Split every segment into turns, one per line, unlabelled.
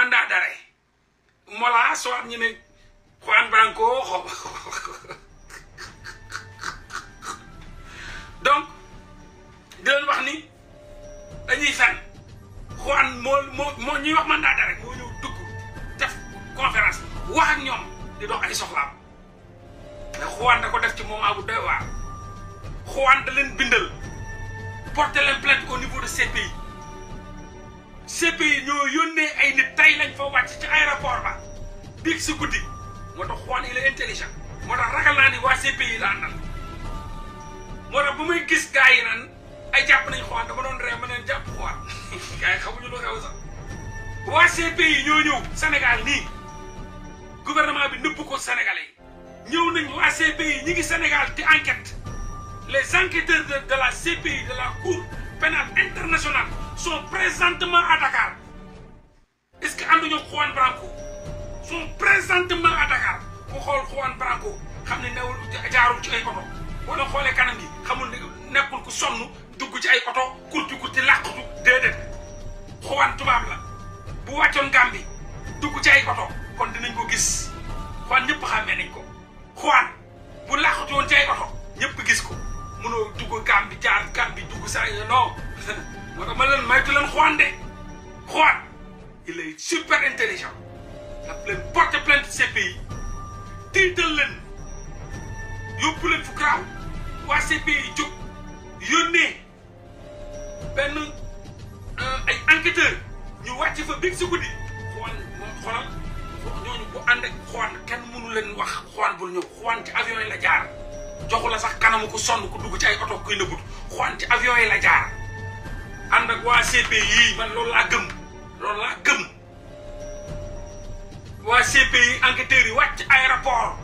mandat dari, mola so am kuan Juan Branco donc di leen wax ni dañuy fan Juan mo mo ñuy wax mandat dare moo ñu dugg def conférence wax ak ñom di dox ay soxla na Juan da ko def ci moment bu doy waar Juan da leen bindal porter plainte au niveau de ces pays CPI ñoo yónnee ay nit tey lañ fa wàcc ci aéroport ba biig si guddi moo tax xool il est intelligent moo ragal naa ni waa CPI la àndal moo tax bu muy gis gars yi naan ay jàpp nañ xool dama doon ree ma neen jàpp xool gars yi xamuñu lu xew sax waa CPI ñoo nii gouvernement bi nëpp ko Sénégalais yi ñëw nañ waa CPI ñi ngi Sénégal di enquête les enquêteurs de de la CPI de la Cour sont présentement à Dakar est-ce que ànduñu Juan Branco sont présentement à Dakar ku xool Juan Branco xam ne newul jaarul ci ay oto wala xoolee kanam gi xamul ne nekkul ku sonn dugg ci ay oto kurti kurti làqatu déedéet Juan tubaab la bu wàccoon Gàmbi dugg ci ay oto kon dinañ ko gis Juan ñëpp xàmmee nañ ko Juan bu làqatu woon ci ñëpp gis ko mënoo dugg Gàmbi jaar Gàmbi dugg sa non moo tax ma leen maytu leen Juan de Juan il est super intelligent daf leen porte plainte CPI tiital leen yóbbu leen fu waa CPI jóg yónnee benn euh, ay enquêteur ñu wàcc fa bég si guddi Juan moom xolal ñooñu bu ànd ak kenn mënu leen wax Juan bul ñëw Juan ci avion yi la jaar joxu la sax kanamu ku sonn ku dugg ci ay oto kuy nëbbut Juan ci avion yi la jaar Anda ak CPI man lo lagem lo lagem laa CPI enquêteurs yi wàcc aéroport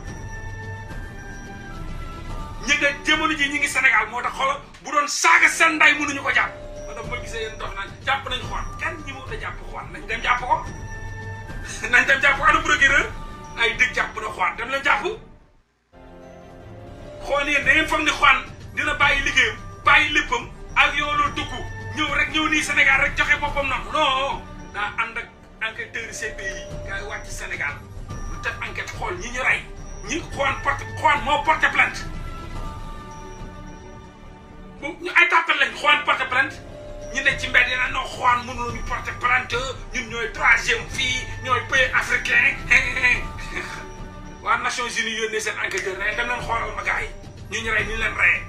ñi nga jamono ji ñi ngi Sénégal moo tax xoolal bu doon saaga seen nday mënuñu ko jàpp ma dama ma gisee yéen dox naan jàpp nañu xwan kenn ñi moo da jàpp xwan nañ dem jàpp ko nañ dem jàpp ko ana procureur ay dëgg na xwan dem xwan dina avion ñëw rek ñëw nii Sénégal rek joxe boppam noonu non daa ànd ak enquêteur CPI yi ngay wàcc Sénégal lu def enquête xool ñi ñu rey ñi xool porte xool moo porte plainte bu ñu ne ci mbedd yi nag noo xool mënuloo porte plainte ñun ñooy troisième fii ñooy pays africain waa Nations Unies yónnee seen enquêteur ne dem xoolal ma gars yi ñu ñu rey ñu leen reyee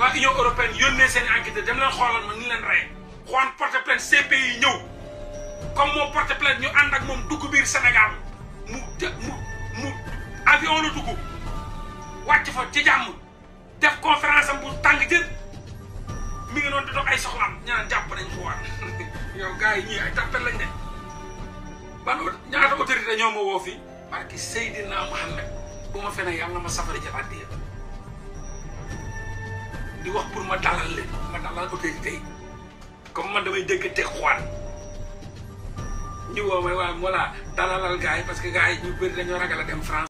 waa union européenne yónnee seen enquête dem leen xoolal ma ni leen rey xool porte plainte CPI ñëw comme moom porte plainte ñu ànd ak moom dugg biir Sénégal mu mu mu avion la dugg wàcc fa ci jàmm def conférence am bu tàng jër mi ngi doon di dox ay soxlaam ñu naan jàpp nañ ko war yow gars yi ñii ay tàppel lañ ne ban ñaata autorité ñoo ma woo fii barki Seydina Mouhamed bu fene yàlla ma safari jël addiya di wax pour ma dalal leen ma dalal autorité yi comme man damay dégg teg xwaan ñu woo may waaw voilà dalalal gaa yi parce que gars yi ñu bëri dañoo ragal a dem France